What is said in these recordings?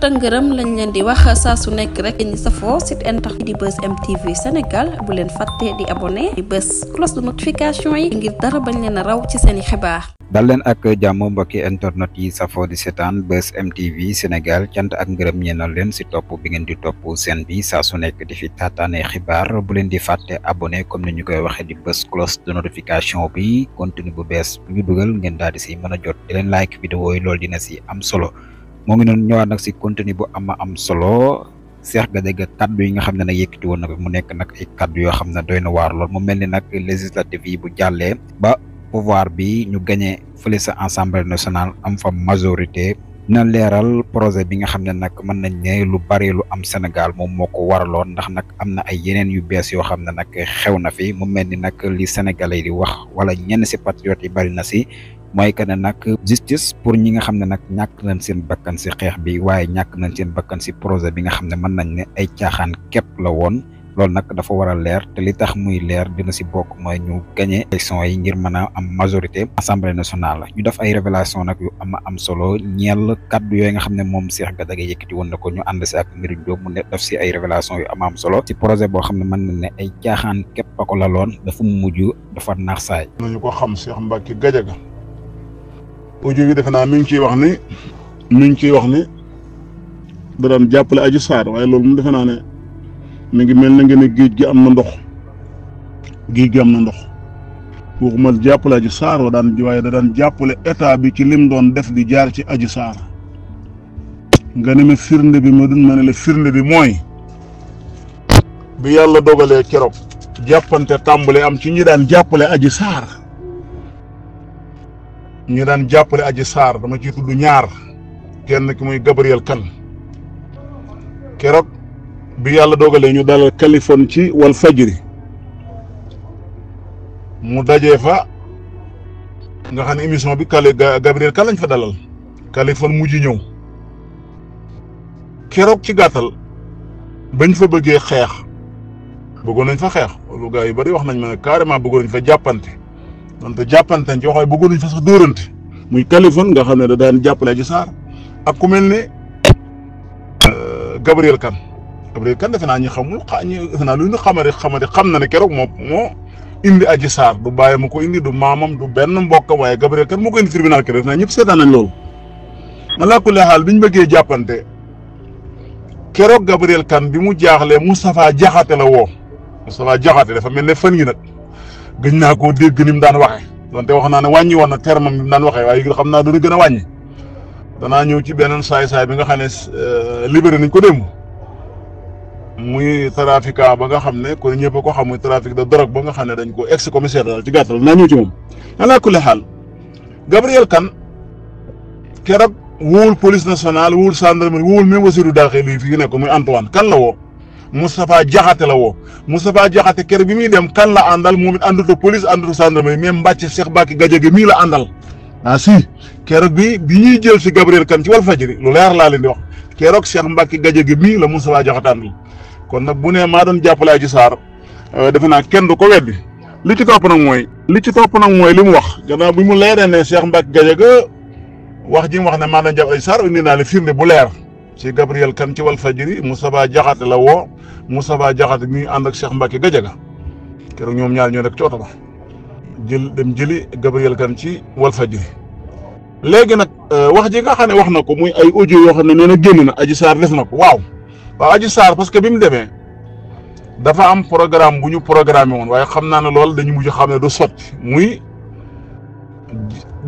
tëngërëm lañ leen di wax saa su nekk rek ñi safoo site internet di bës mtv sénégal bu leen fàtte di abonné di bës cloche de notification yi ngir dara bañ leen a raw ci seeni xibaar dal leen ak jàmm mbokki internet yi safoo di seetaan bës mtv sénégal cant ak ngërëm ñeenal leen si topp bi ngeen di topp seen bi saa su nekk di fi taataane xibaar bu leen di fàtte abonné comme ni ñu koy waxee di bës cloche de notification bi continue bu bees bu ñu dugal ngeen daal di si mën a jot di leen like vidéo yi loolu dina si am solo ngi non ñëwaat nak si contenu bu ama am solo Cheikh Gadiaga kaddu yi nga xam ne nag won nak na mu nekk nak ay kaddu yo xam doyna war lool mu melni nak yi bu ba pouvoir bi ñu gagné fële sa assemblée nationale am fa majorité na leral projet bi nga xam nak nañ ne lu bari lu am Sénégal mom moko ko waraloon ndax nak amna ay yenen yu bees yo xam nak xewna fi mu melni nak li sénégalais di wax wala ñen ci patriote yi bari na ci moy kena nak justice pour ñi nga xamne nak ñak nañ seen bakkan si xex bi way ñak nañ seen bakkan si projet bi nga xamne man nañ ne ay tiaxan kep la won lool nak dafa wara leer te li tax muy leer dina si bok moy ñu gagné élection yi ngir mëna am majorité assemblée nationale ñu def ay révélation nak yu ama am solo ñeel kaddu yo nga xamne mom Cheikh Gadaga yëkkati woon na ko ñu and ci ak mbiri do mu ne def ci ay révélation yu ama am solo si projet bo xamne man ne ay tiaxan kep a la lool dafa muju dafa nax say nañu ko xam Cheikh Mbacke audio bi defe naa mi ngi ciy wax ni mi ngi ciy wax ni da daan jàppale Adji Sarr waaye loolu moom defe naa ne mi ngi mel na ngeen ne géej gi am na ndox géej gi am na ndox waxuma jàppale Adji Sarr wa daan waaye da daan jàppale état bi ci lim doon def di jaar ci Adji Sarr nga ne ma firnde bi ma dun ma ne firnde bi mooy bi yàlla dogalee keroog jàppante tàmbale am ci ñi daan jàppale aji saar ñu daan jàppale aji saar dama ciy tudd ñaar kenn ki muy Gabriel kan keroog bi yàlla dogalee ñu dalal Kaliphone ci wal fajri mu dajee fa nga xam ne émission bi Kali Gabriel Kane lañ fa dalal Kaliphone mujj ñëw keroog ci gàttal bañ fa bëggee xeex bëggoon nañ fa xeex lu gaa yu bari wax nañ ma ne carrément bëggoon nañ fa jàppante donte jàppante ci waxooy bëggoon nañ fa sax dóorante muy Kaliphone nga xam ne da daan jàppale ci Sarr ak ku mel ne euh, Gabriel kan Gabriel Kane defe naa ni xamul xa ñu defe naa lu ñu xamante xamante xam na ne keroog moo moo indi aji Sarr du bàyyi ma ko indi du maamam du benn mbokk waaye Gabriel kan moo ko indi tribunal keroog defe naa ñëpp seetaan nañ loolu. ma làkkulee xaal bi ñu bëggee jàppante keroog Gabriel Kane bi mu jaaxlee Moustapha Diakhaté la woo Moustapha Diakhaté dafa mel ne fan yi nag. gëj naa koo dégg ni mu daan waxee wante wax naa ne wàññi woon na terme bi mu daan waxee waaye xam naa dana gën a wàññi danaa ñëw ci beneen saay-saay bi nga xam ne euh, libéré nañ ko démb muy trafiquant ba nga xam ne kon ñëpp ko xam muy trafic de drogue ba nga xam ne dañ ko ex commissaire daal ci gàttal naa ñëw ci moom. ala kulli xaal Gabriel Kane keroog wóol police nationale wóol gendarmerie wóol même wasiiru daal xel yi nekk muy Antoine kan la woo. Moustapha Diakhaté la woo Moustapha jaxate ker bi muy dem kan la àndal moom it àndatu police àndatu gendarmerie mais mbàcc Cheikh Bakki Gadiaga mii la àndal ah si keroog bi bi ñuy jël si Gabriel kan ci faj Walfadjri lu leer laa leen di wax keroog Cheikh Mbacké gi mii la Moustapha Diakhaté àndal kon nag bu ne maa doon jàppale Adji Sarr euh, defe naa kenn du ko weddi li ci topp nag mooy li ci topp nag mooy li mu wax gannaaw bi mu leeree ne Cheikh Mbacké Gadiaga wax ji wax ne maa doon jàppale Adji Sarr indi naa la firnde bu leer ci Gabriel Kane ci Walfadjri Moustapha Diakhaté la wo Moustapha Diakhaté ñuy ànd ak Cheikh Mbacké Gadiaga keroog ñoom ñaar ñoo nekk ci oto ba jël dem jëli Gabriel Kane ci Walfadjri léegi nak wax ji nga xam ne wax na ko muy ay audio yoo xam ne nee na génn na Adji Sarr def na ko waaw waaw Adji parce que bi mu dafa am programme bu ñu programmé woon waaye xam naa ne loolu dañu mujj xam ne du sotti muy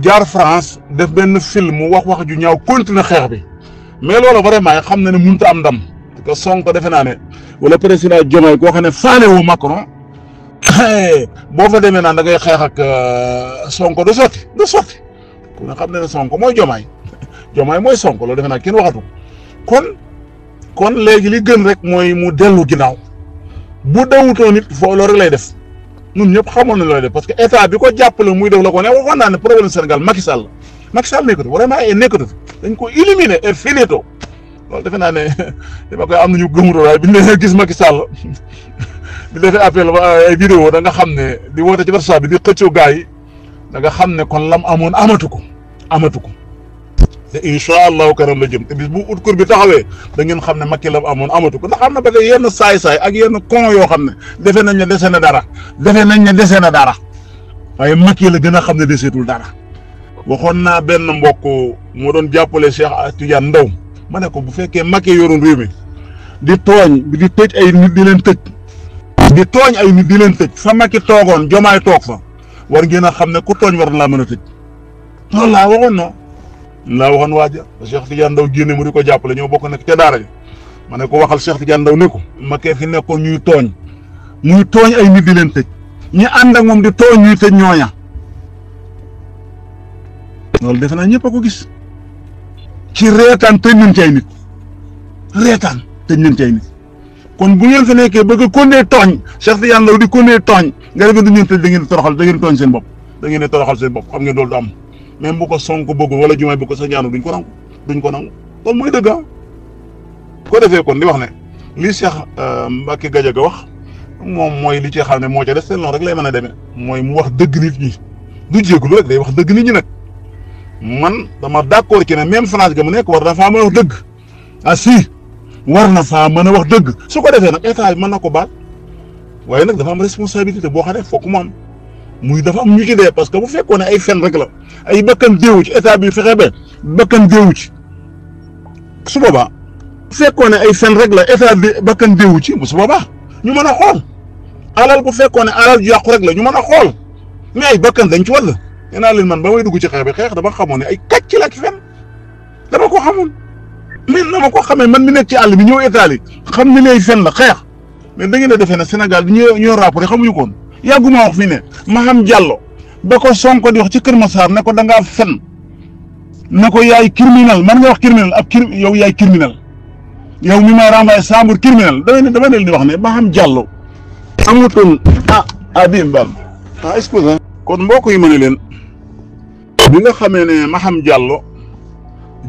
jaar France def benn film wax wax ju ñaaw continuer xeex bi mais loolu vraiment xam na ne mënut a am dam Sonko defe naa ne wala président Diomaye koo xam ne faale wu Macron boo fa demee naan da ngay xeex ak euh, Sonko du sotti du sotti ku ne xam na ne Sonko mooy Diomaye Diomaye mooy Sonko loolu defe naa kenn waxatu kon kon léegi li gën rek mooy mu dellu ginnaaw bu dawutoo nit foo loolu rek lay def ñun ñëpp xamoon na looy def parce que état bi ko jàppale muy def la ko ne waxoon naa ne problème Sénégal Macky Sall nekkatu vraiment et nekkatu dañ ko éliminer et finito loolu defe naa ne dama koy am nañu gëmutoo waaye biñ gis Macky Sall bi defee appel ba ay vidéo danga xam ne di woote ci WhatsApp bi di xëccoo gars yi da nga xam ne kon lam amoon amatu ko amatu ko te incha allahu karam la jëm te bis bu ut kur bi taxawee da ngeen xam ne Macky lam amoon amatu ko ndax xam na ba tey yenn saay-saay ak yenn con yoo xam ne defe nañ ne dese na dara defe nañ ne dese na dara waaye Macky la gën a xam ne deseetul dara. waxoon naa benn mbokk mu doon jàppale Cheikh Tidiane Ndaw ma ne ko bu fekkee Macky yoroon réew mi di tooñ di tëj ay nit di leen tëj di tooñ ay nit di leen tëj fa Macky toogoon jomaay toog fa war ngeen a xam ne ku tooñ war laa mën a tëj loolu laa waxoon na laa waxoon waaja Cheikh Tidiane Ndaw génne mu di ko jàppale ñoo bokk nekk ca daara ji ma ne ko waxal Cheikh Tidiane Ndaw ne ko Macky fi nekkoon ñuy tooñ muy tooñ ay nit di leen tëj ñi ànd ak moom di tooñ ñuy tëj ñooña loolu defe naa ñëpp a ko gis ci reetaan tëj nañ ci ay nit reetaan tëj nañ ci kon bu ngeen fa nekkee bëgg a konnee tooñ Cheikh Tidiane Ndao di konnee tooñ nga defee du ngeen tëj da ngeen toroxal da ngeen tooñ seen bopp da ngeen toroxal seen bopp xam ngeen loolu du am même bu ko Sonko bëgg wala jumaay bu ko sax ñaanu duñ ko nangu duñ ko nangu loolu mooy dëgg ah. ko defee kon li wax ne li Cheikh euh, Mbacke Gadiaga wax moom mooy li ci xam ne moo ca des seen noonu rek lay mën a demee mooy mu wax dëgg nit ñi du jégalu rek day wax dëgg nit ñi nag. man dama d'accord ki ne même France ga mu nekk war na faa mën wax dëgg ah si war na faa mën a wax dëgg su ko defee nag état bi mën na ko baal waaye nag dafa am responsabilité boo xam ne foog mu am muy dafa am ñu ci dee parce que bu fekkoon ne ay fen rek la ay bakkan déewu ci état bi fexe ba bakkan déewu ci su boobaa bu ne ay fen rek la état bi bakkan déewu ci su boobaa ñu mën a xool alal bu fekkoon ne alal ju yàqu rek la ñu mën a xool mais ay bakkan dañ ci wàll. nee naa leen man ba may dugg ci xeex bi xeex dama xamoon ne ay kàcc la ak fen dama ko xamoon mais dama ko xamee man mi nekk ci àll bi ñëw Italie xam ne lay fen la xeex mais da ngeen a defee ne Sénégal bi ñoo ñoo rapport xamuñu ko woon yàgguma wax fi ne Maham Diallo ba ko Sonko di wax ci Kër Massar ne ko da ngaa fen ne ko yaay criminel man nga wax criminel ab crim yow yaay criminel yow mi may renvoyé Sambour criminel damay ne dama leen di wax ne Maham Diallo amutoon ah ah bii mbaam ah excusez kon mbokk yi ma ne leen. bi nga xamee ne Maham Diallo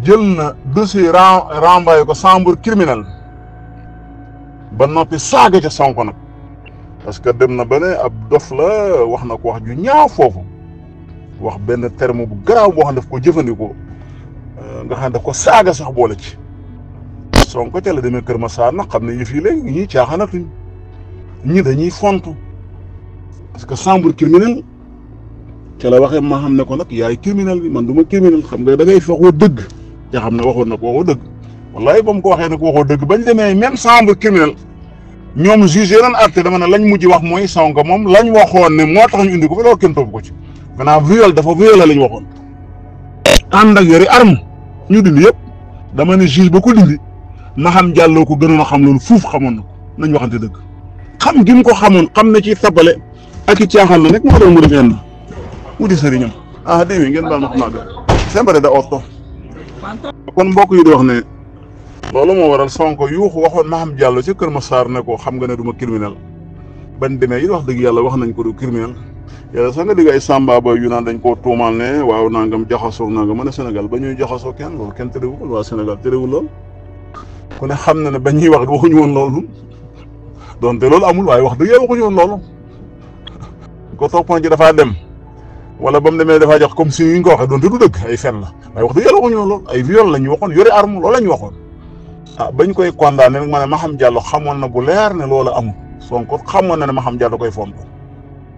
jël na dossier renvoyé ko chambre criminelle ba noppi saaga ca Sonko nag parce que dem na ba ne ab dof la wax na ko wax ju ñaaw foofu wax benn terme bu garaaw boo xam daf ko jëfandikoo nga xam daf ko saaga sax boole ci Sonko ca la demee Kër Massar nag xam ne yëf yi léegi ñii caaxanatuñ ñi dañuy fontu parce que chambre criminelle ca la waxee ma xam ne ko nag yaay criminel bi man du ma criminel xam nga da ngay fexoo dëgg te xam ne waxoon na ko waxoo dëgg wallahi ba mu ko waxee nag waxoo dëgg bañ demee même chambre criminel ñoom juge yeneen arté dama ne lañ mujj wax mooy Sonko moom lañ waxoon ne moo tax ñu indi ko fi loolu kenn topp ko ci maintenant viol dafa viol la lañ waxoon ànd ak yore arme ñu dindi yëpp dama ne juge ba ko dindi ma xam jàlloo ko gënoon a xam loolu fuuf xamoon na ko nañ waxante dëgg xam gi mu ko xamoon xam na ci tabale ak i caaxaan la nekk moo doon mu def yenn wuti sëriñam ah déedéet ngeen baal ma xam naa sembare da orto kon mbokk yu di wax ne loolu moo waral Sonko yuuxu waxoon Maham Diallo ca Kër Massar ne ko xam nga ne du ma criminel ban demee yi wax dëgg yàlla wax nañ ko du criminel yàlla sax nga dégg ay samba boy yu naan dañ koo tuumaal ne waaw nangam jaxasoo nangam mën a Sénégal ba ñuy jaxasoo kenn loolu kenn tëréwul waa Sénégal tëréwul lool ku ne xam na ne ba ñuy wax waxuñu woon loolu donte loolu amul waaye wax dëgg yàlla waxuñu woon loolu ko toppoon ci dafaa wala ba mu demee dafaa jox comme si ñu ko waxee doonte du dëgg ay fen la waaye wax dëgg yàlla waxuñu loolu ay viol la ñu waxoon yore arme loolu la ñu waxoon ah bañ koy condamné nag ma ne Maham Diallo xamoon na bu leer ne loola amul Sonko xamoon na ne Maham Diallo koy fomp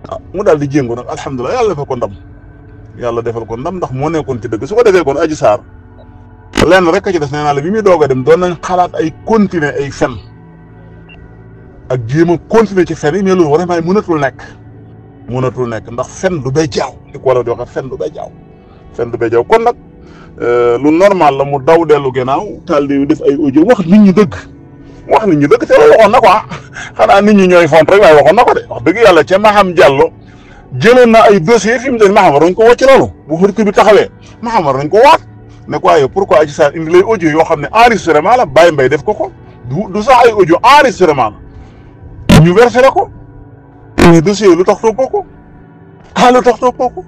ah mu daal di jéngu nag alhamdulilah yàlla defal ko ndam yàlla defal ko ndam ndax moo nekkoon ci dëgg su ko defee kon Adji Sarr lenn rek a ci des nee naa la bi muy doog a dem doon nañ xalaat ay continuer ay fen ak jéem a continuer ci fen yi mais loolu vraiment mënatul nekk mënatul nekk ndax fen du bay jaaw li a di waxee fen du bay jaaw fen du bay jaaw kon nag euh, lu normal la mu daw dellu gannaaw taal di def ay audio wax nit ñu dëgg wax nit ñu dëgg te waxoon na ko ah xanaa nit ñi ñooy font rek waaye waxoon na ko de wax dëgg yàlla ca Maham Diallo jëloon na ay dossier fi mu ne Maham waroon ko wàcc loolu bu xarit bi taxawee Maham waroon ko waat ne ko waaye pourquoi Adji Sarr indi lay audio yoo xam ne enregistrement la Baye Mbaye def ko ko du du sax ay audio enregistrement la ñu versé la ko mais dossier lu tax ko ko. ah lu tax toppoo ko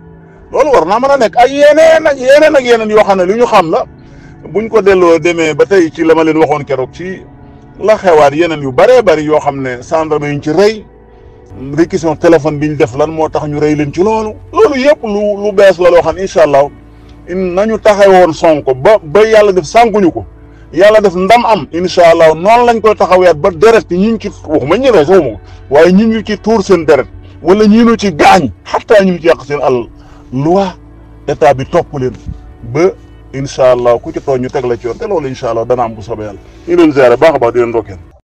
loolu war naa mën a nekk ay yeneen ak yeneen ak yeneen yoo xam ne lu ñu xam la buñ ko delloo demee ba tey ci la ma leen waxoon keroog ci la xewaat yeneen yu bëree bëri yoo xam ne yu ñu ci rey réquisition téléphone bi ñu def lan moo tax ñu rey leen ci loolu. loolu yëpp lu lu bees la loo xam ne incha allah nañu taxawoon Sonko ba ba yàlla def sànkuñu ko yàlla def ndam am incha allah noonu lañ koy taxaweet ba deret ñi ñu ci waxuma waaye ñi ñu ci seen deret. wala ñii nu ci gaañ xataa ñu ci yàq seen alal loi état bi topp leen ba incha allah ku ci tooñ teg la ci yoon te loolu incha bu soobee yàlla ñu baax a baax di